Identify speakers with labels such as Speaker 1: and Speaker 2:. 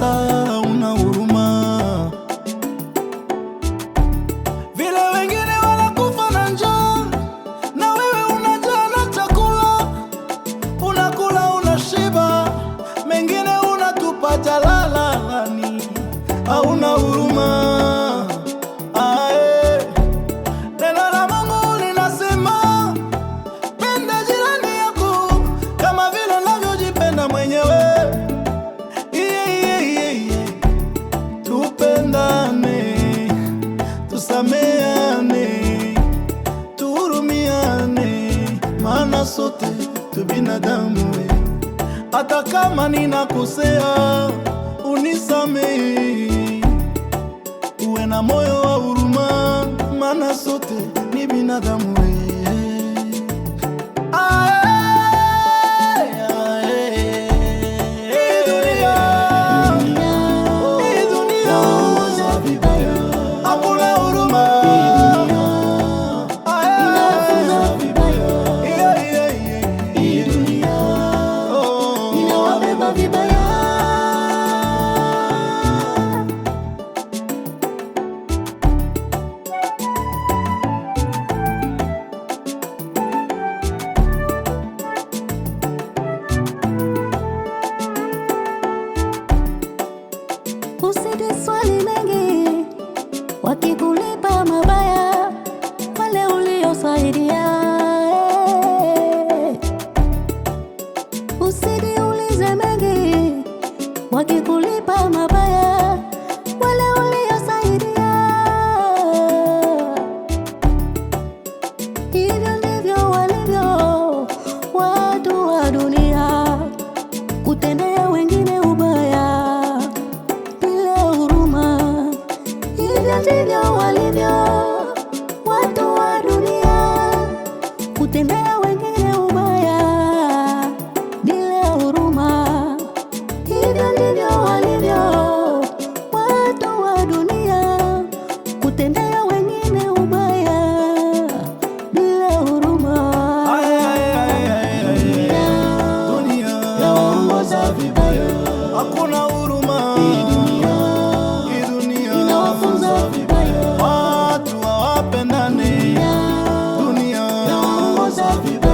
Speaker 1: sasa una huruma vile wengine wanakufa na njaa, na wewe unajaa na chakula, unakula unashiba, mengine unatupa jalalani yaani hauna sote tu binadamu, hata kama ninakosea unisamehe.
Speaker 2: kulipa mabaya wale uliosaidia. Usijiulize mengi wakikulipa mabaya wale uliosaidia. Hivyo ndivyo walivyo watu wa dunia, kutendea wengine tendrás.
Speaker 3: novidade.